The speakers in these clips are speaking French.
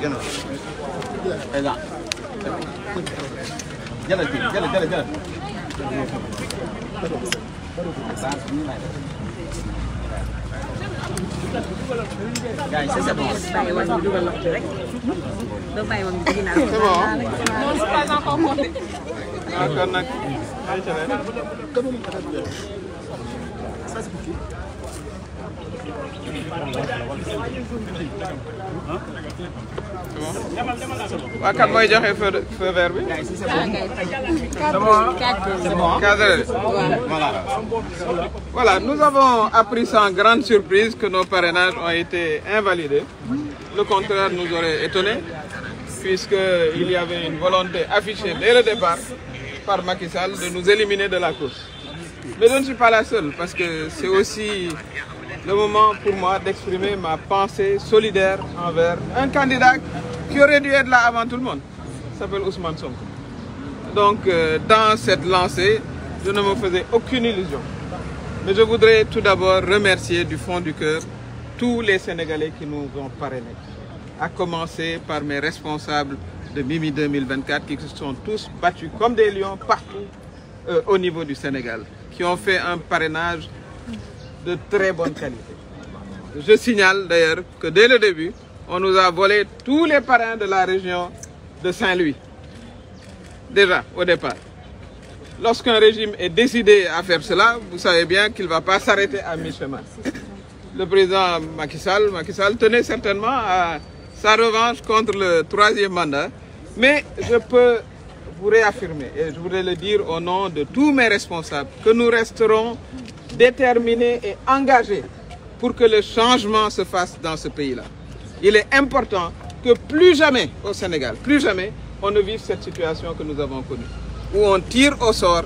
cái nào đây dạ nhất là chỉnh nhất là nhất là nhất là như này Guys, sasa mo. Do may mga ginawa. Sasa mo. Mo pa na Ah, voilà nous avons appris sans grande surprise que nos parrainages ont été invalidés. Le contraire nous aurait étonné il y avait une volonté affichée dès le départ par Macky Sall de nous éliminer de la course. Mais je ne suis pas la seule parce que c'est aussi le moment pour moi d'exprimer ma pensée solidaire envers un candidat qui aurait dû être là avant tout le monde, s'appelle Ousmane Sonko. Donc, euh, dans cette lancée, je ne me faisais aucune illusion. Mais je voudrais tout d'abord remercier du fond du cœur tous les Sénégalais qui nous ont parrainés, à commencer par mes responsables de Mimi 2024 qui se sont tous battus comme des lions partout euh, au niveau du Sénégal, qui ont fait un parrainage de très bonne qualité. Je signale d'ailleurs que dès le début, on nous a volé tous les parrains de la région de Saint-Louis. Déjà, au départ. Lorsqu'un régime est décidé à faire cela, vous savez bien qu'il ne va pas s'arrêter à mi-chemin. Le président Macky Sall, Macky tenait certainement à sa revanche contre le troisième mandat. Mais je peux vous réaffirmer, et je voudrais le dire au nom de tous mes responsables, que nous resterons déterminés et engagés pour que le changement se fasse dans ce pays-là il est important que plus jamais au Sénégal, plus jamais, on ne vive cette situation que nous avons connue, où on tire au sort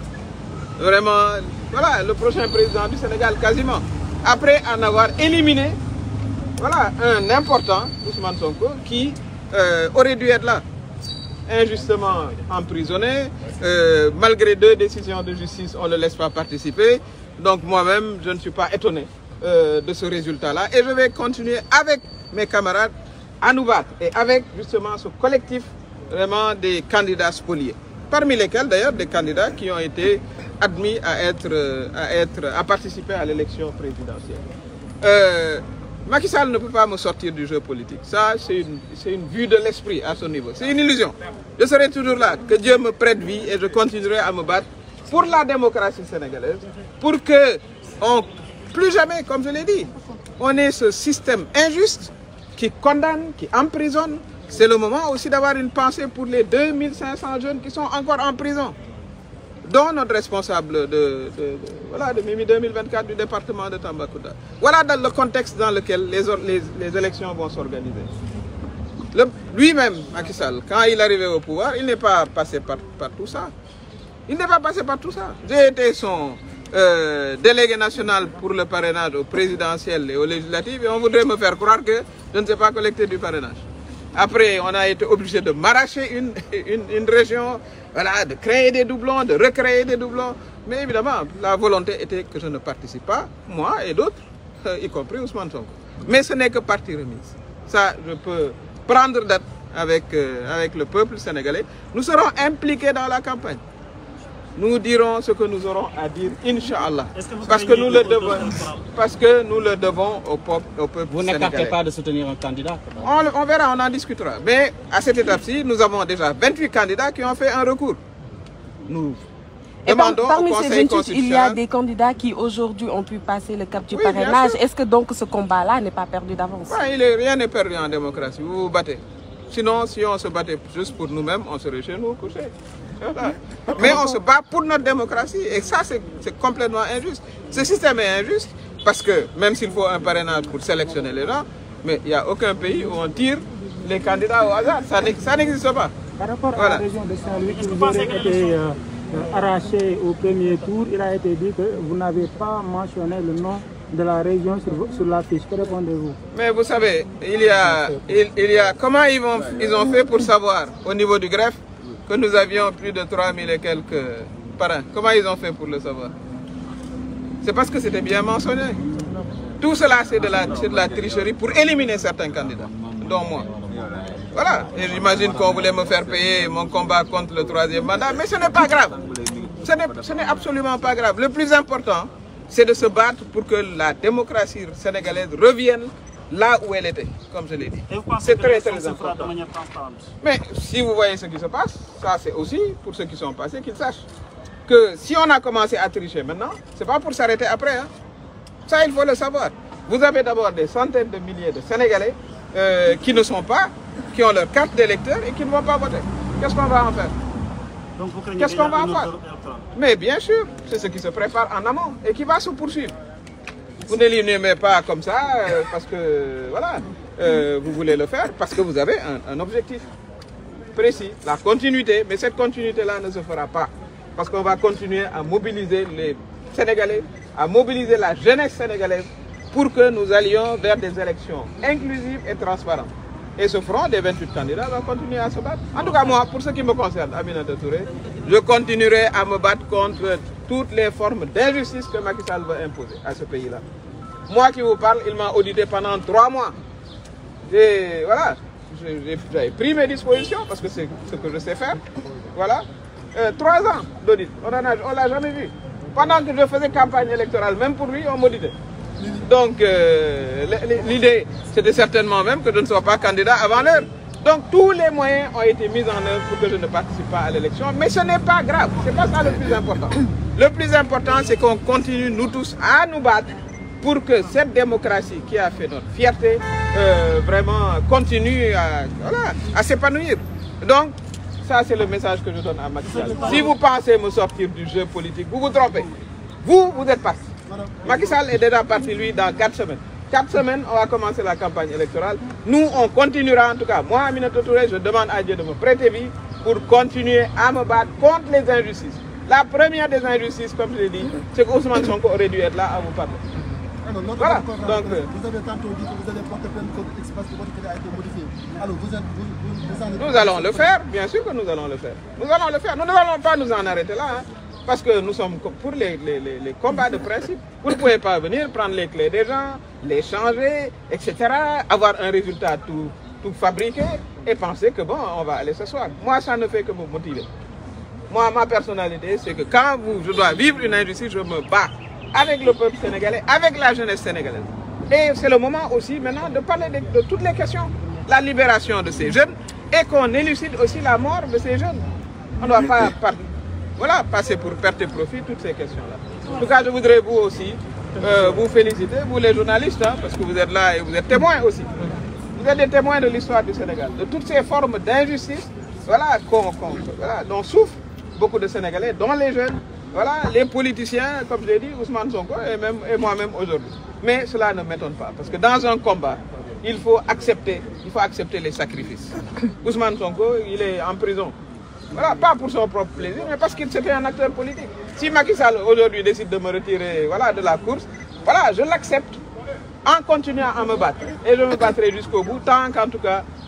vraiment, voilà, le prochain président du Sénégal, quasiment, après en avoir éliminé, voilà, un important, Ousmane Sonko, qui euh, aurait dû être là, injustement emprisonné, euh, malgré deux décisions de justice, on ne le laisse pas participer, donc moi-même, je ne suis pas étonné euh, de ce résultat-là, et je vais continuer avec mes camarades à nous battre. Et avec justement ce collectif vraiment des candidats spoliés. Parmi lesquels d'ailleurs des candidats qui ont été admis à, être, euh, à, être, à participer à l'élection présidentielle. Euh, Macky Sall ne peut pas me sortir du jeu politique. Ça, c'est une, une, vue de l'esprit à son niveau. C'est une illusion. Je serai toujours là. Que Dieu me prête vie et je continuerai à me battre pour la démocratie sénégalaise, pour que on, plus jamais, comme je l'ai dit, on ait ce système injuste qui condamne, qui emprisonne. C'est le moment aussi d'avoir une pensée pour les 2500 jeunes qui sont encore en prison, dont notre responsable de, voilà, Mimi 2024 du département de Tambacouda. Voilà dans le contexte dans lequel les, les, élections vont s'organiser. Lui-même, Macky quand il arrivait au pouvoir, il n'est pas passé par, par tout ça. Il n'est pas passé par tout ça. J'ai été son, euh, délégué national pour le parrainage au présidentiel et aux législatives, et on voudrait me faire croire que je ne sais pas collecter du parrainage. Après, on a été obligé de maracher une, une, région, voilà, de créer des doublons, de recréer des doublons. Mais évidemment, la volonté était que je ne participe pas, moi et d'autres, euh, y compris Ousmane Sonko. Mais ce n'est que partie remise. Ça, je peux prendre date avec, euh, avec le peuple sénégalais. Nous serons impliqués dans la campagne nous dirons ce que nous aurons à dire, Inch'Allah. Parce que, nous le devons, parce que nous le devons au peuple, au Vous n'écartez pas de soutenir un candidat on, verra, on en discutera. Mais à cette étape-ci, nous avons déjà 28 candidats qui ont fait un recours. Nous et parmi ces 28, il y a des candidats qui aujourd'hui ont pu passer le cap du parrainage. Est-ce que donc ce combat-là n'est pas perdu d'avance ouais, Rien n'est perdu en démocratie. Vous vous battez. Sinon, si on se battait juste pour nous-mêmes, on serait chez nous couché. Mais on se bat pour notre démocratie. Et ça, c'est complètement injuste. Ce système est injuste parce que même s'il faut un parrainage pour sélectionner les gens, mais il n'y a aucun pays où on tire les candidats au hasard. Ça n'existe pas. Par rapport à la région de Saint-Louis, qui a été euh, euh, arraché au premier tour, il a été dit que vous n'avez pas mentionné le nom de la région sur, sur fiche Que répondez-vous Mais vous savez, il y a, y a comment ils, vont, ils ont fait pour savoir au niveau du greffe que nous avions plus de 3000 et quelques parrains. Comment ils ont fait pour le savoir C'est parce que c'était bien mentionné. Tout cela, c'est de, la, de la tricherie pour éliminer certains candidats, dont moi. Voilà, j'imagine qu'on voulait me faire payer mon combat contre le troisième mandat, mais ce n'est pas grave. Ce n'est absolument pas grave. Le plus important, c'est de se battre pour que la démocratie sénégalaise revienne là où elle était, comme je l'ai dit. C'est très, très important. Mais si vous voyez ce qui se passe, ça c'est aussi pour ceux qui sont passés qu'ils sachent que si on a commencé à tricher maintenant, c'est pas pour s'arrêter après. Hein. Ça, il faut le savoir. Vous avez d'abord des centaines de milliers de Sénégalais euh, qui ne sont pas, qui ont leur carte d'électeur et qui ne vont pas voter. Qu'est-ce qu'on va en faire Qu'est-ce qu'on va en faire Mais bien sûr, c'est ce qui se prépare en amont et qui va se poursuivre. Vous ne l'ignorez pas comme ça euh, parce que, voilà, euh, vous voulez le faire parce que vous avez un, objectif précis, la continuité. Mais cette continuité-là ne se fera pas parce qu'on va continuer à mobiliser les Sénégalais, à mobiliser la jeunesse sénégalaise pour que nous allions vers des élections inclusives et transparentes. Et ce front des 28 candidats va continuer à se battre. En tout cas, moi, pour ce qui me concerne, Aminata Touré, je continuerai à me battre contre toutes les formes d'injustice que Macky Sall va imposer à ce pays-là. Moi qui vous parle, il m'a audité pendant trois mois. Et voilà, j'ai pris mes dispositions parce que c'est ce que je sais faire. Voilà. Euh, trois ans d'audit, on ne l'a jamais vu. Pendant que je faisais campagne électorale, même pour lui, on m'auditait. Donc euh, l'idée, c'était certainement même que je ne sois pas candidat avant l'heure. Donc tous les moyens ont été mis en œuvre pour que je ne participe pas à l'élection. Mais ce n'est pas grave, ce n'est pas ça le plus important. Le plus important, c'est qu'on continue, nous tous, à nous battre pour que cette démocratie qui a fait notre fierté, euh, vraiment continue à, s'épanouir. Donc, ça, c'est le message que je donne à Macky Sall. Si vous pensez me sortir du jeu politique, vous vous trompez. Vous, vous êtes parti. Macky Sall est déjà parti, lui, dans quatre semaines. Quatre semaines, on va commencer la campagne électorale. Nous, on continuera, en tout cas, moi, Aminato Touré, je demande à Dieu de me prêter vie pour continuer à me battre contre les injustices. La première des injustices, comme je l'ai dit, c'est qu'Ousmane Sonko aurait dû être là à vous parler. voilà. Donc, euh, vous avez tantôt dit que vous allez porter plainte contre parce que votre clé a été modifié. Alors, vous, êtes, Nous allons le faire, bien sûr que nous allons le faire. Nous allons le faire. Nous ne allons pas nous en arrêter là. Hein, parce que nous sommes pour les, combats de principe. Vous ne pouvez pas venir prendre les clés des gens, les changer, etc. Avoir un résultat tout, tout fabriqué et penser que bon, on va aller s'asseoir. Moi, ça ne fait que vous motiver. Moi, ma personnalité, c'est que quand je dois vivre une injustice, je me bats avec le peuple sénégalais, avec la jeunesse sénégalaise. Et c'est le moment aussi maintenant de parler de, toutes les questions. La libération de ces jeunes et qu'on élucide aussi la mort de ces jeunes. On ne doit pas, voilà, passer pour perte et profit toutes ces questions-là. En tout cas, je voudrais vous aussi euh, vous féliciter, vous les journalistes, hein, parce que vous êtes là et vous êtes témoins aussi. Vous êtes des témoins de l'histoire du Sénégal, de toutes ces formes d'injustice voilà, dont souffre beaucoup de Sénégalais, dont les jeunes, voilà, les politiciens, comme je l'ai dit, Ousmane Sonko et, moi-même aujourd'hui. Mais cela ne m'étonne pas, parce que dans un combat, il faut accepter, il faut accepter les sacrifices. Ousmane Sonko, il est en prison. Voilà, pas pour son propre plaisir, mais parce qu'il s'était un acteur politique. Si Macky Sall aujourd'hui décide de me retirer voilà, de la course, voilà, je l'accepte en continuant à me battre. Et je me battrai jusqu'au bout, tant qu'en tout cas,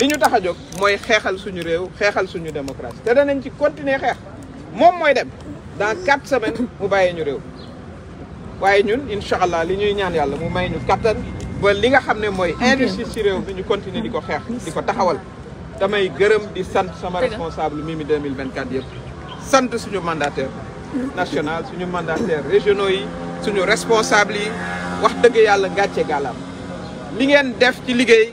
liñu ñu tax a jóg suñu réew xéxal suñu démocratie té danañ ci continuer xéx mom moy dem dans 4 semaines mu bayé ñu réew waaye ñun inshallah allah ñaan yalla mu may ñu captain ba li nga xamné moy industrie ci réew bi ñu continuer diko xéx diko taxawal damay gëreum di sante sama responsable Mimi 2024 yépp sant suñu mandataire national suñu mandataire régionaux yi suñu responsable yi wax dëgg yalla ngàcce galam li ngeen def ci liggéey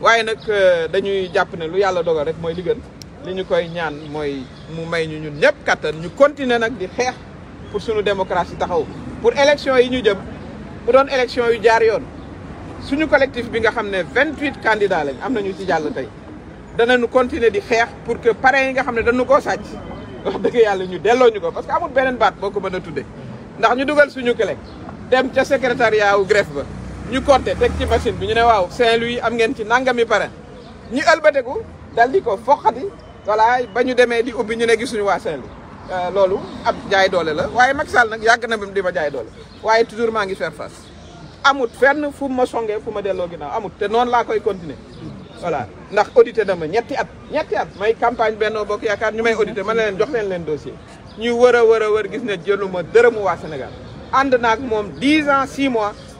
waaye nag euh, dañuy jàpp ne lu yàlla dogal rek mooy li lañu koy ñaan mooy mu may ñu ñun ñëpp kàttan ñu continuer nag di xeex pour suñu démocratie taxaw pour élection yi ñu jëm bu doon élection yu jaar yoon suñu collectif bi nga xam ne vingt huit candidats lañ am na nañu ci jàll tey danañu continuer di xeex pour que parrain yi nga xam ne dañu koo sàcc wax dëgg yàlla ñu delloo ñu ko parce que amul beneen baat boo ko mën a tuddee ndax ñu dugal suñu clé dem ca secrétariat wu greffe ba ñu compté teg ci machine bi ñu ne waaw Saint-Louis am ngeen ci nangami parrain ñu ëlbateku dal di ko foqati voilà ba ñu demee di ubbi ñu ne gisuñu waa Saint-Louis euh, loolu ab jaay doole la waaye Macky Sall nag yàgg na ba di ma jaay doole waaye toujours maa ngi faire fas amut fenn fu ma songee fu ma delloo gi naaw amut te noonu laa koy continuer voilà ndax audité dama ñetti at ñetti at may campagne Benno Bokk Yaakaar ñu may audité ma ne leen jox leen leen dossier ñu wër a wër a wër gis ne jëluma dërëmu waa Sénégal ànd naag mois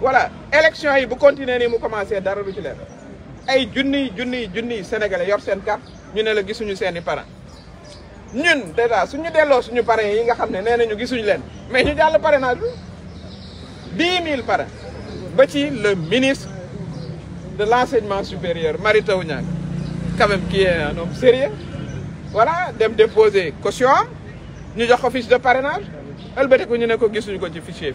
voilà élection yi bu continuer ni mu commencer dara lu ci lèr. ay junniy junniy junniy sénégalais yor sen carte ñu ne la gisuñu seen i parents ñun déjà suñu délo suñu parents yi nga xamné né nañu gisuñu leen mais ñu jàll parrainage 10000 dix ba ci le ministre de l'enseignement supérieur Mary Teuw quand même qui est un homme sérieux voilà dem déposer caution ñu jox ko fiche de parrainage ko ñu ne ko gisuñu ko ci fichier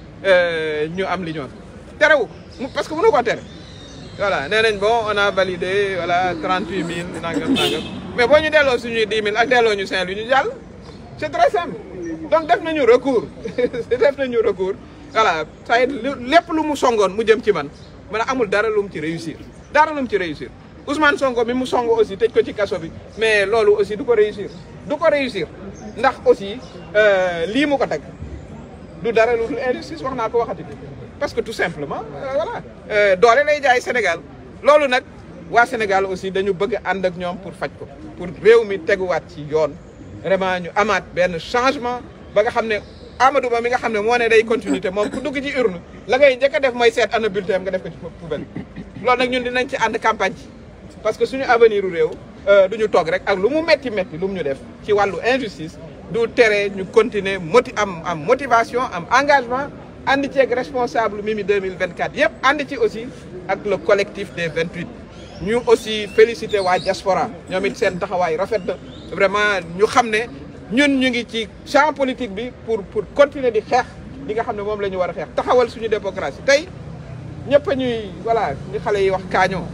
nous avons les où Parce que vous ne terre. Voilà, nous bon, on a validé 38 000. Mais si nous avons 10 000, nous avons 5 000. C'est très simple. Donc, nous avons recours. C'est très recours. Voilà, ça y est, les plus qui sont en train de faire. Mais nous avons Ousmane Songo, mais Moussongo aussi, peut-être que tu as sauvé. Mais Lolo aussi, d'où peut réussir D'où réussi. réussir Nous aussi, euh, du dara lu dul injustice wax ko waxati parce que tout simplement euh, voilà euh, doole lay jaay Sénégal loolu nak wa Sénégal aussi dañu bëgg and ak ñom pour fajj ko pour réew mi teguwaat ci yoon vraiment ñu amaat ben changement ba nga xamné Amadou Ba mi nga xamné ne day continuité mom ku dugg ci urne la ngay njëkk def moy seet ana bulletin nga def ko ci poubelle loolu nak ñun dinañ ci and campagne parce que suñu avenir u réew euh, du ñu toog rek ak lu mu metti metti lu mu ñu def ci walu injustice du tere ñu continuer moti am am motivation am engagement ànd ci responsable Mimi 2024 Yep, ànd ci aussi ak le collectif des 28. ñu aussi félicité wa diaspora ñoom it seen rafet vraiment ñu xamné ñun ñu ngi ci champ politique bi pour pour continuer di xex li nga xamné mom lañu wara xex taxawal suñu démocratie tay ñepp ñuy voilà ñu xalé yi wax kaañoo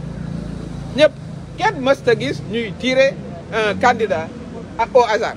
ñepp kenn mësta gis ñuy tirer un candidat au hasard.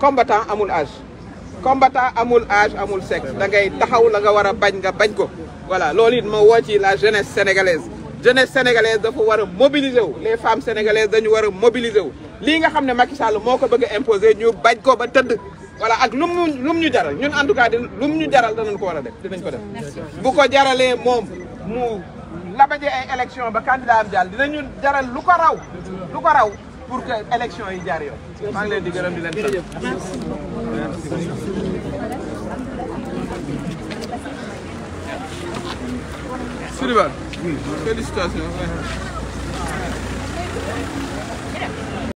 combattant amul âge combattant amul âge amul sexe da ngay taxaw la nga wara bagn nga bagn ko voilà loolu it ma ci la jeunesse sénégalaise jeunesse sénégalaise dafa war a mobiliser les femmes sénégalaises dañu wara a mobiliser wu nga xamné ne Macky Sall moko bëgg imposer ñu bagn ko ba tëdd voilà ak lum lum ñu jaral ñun en tout cas lum ñu jaral dañu ko wara def dinañ ko def bu ko jaralé mom mu labaje ay élection ba candidat am jàll dinañu jaral lu ko raw lu ko raw pour que élection yi jaar yoon. maa ngi di gërëm di leen sant. merci beaucoup.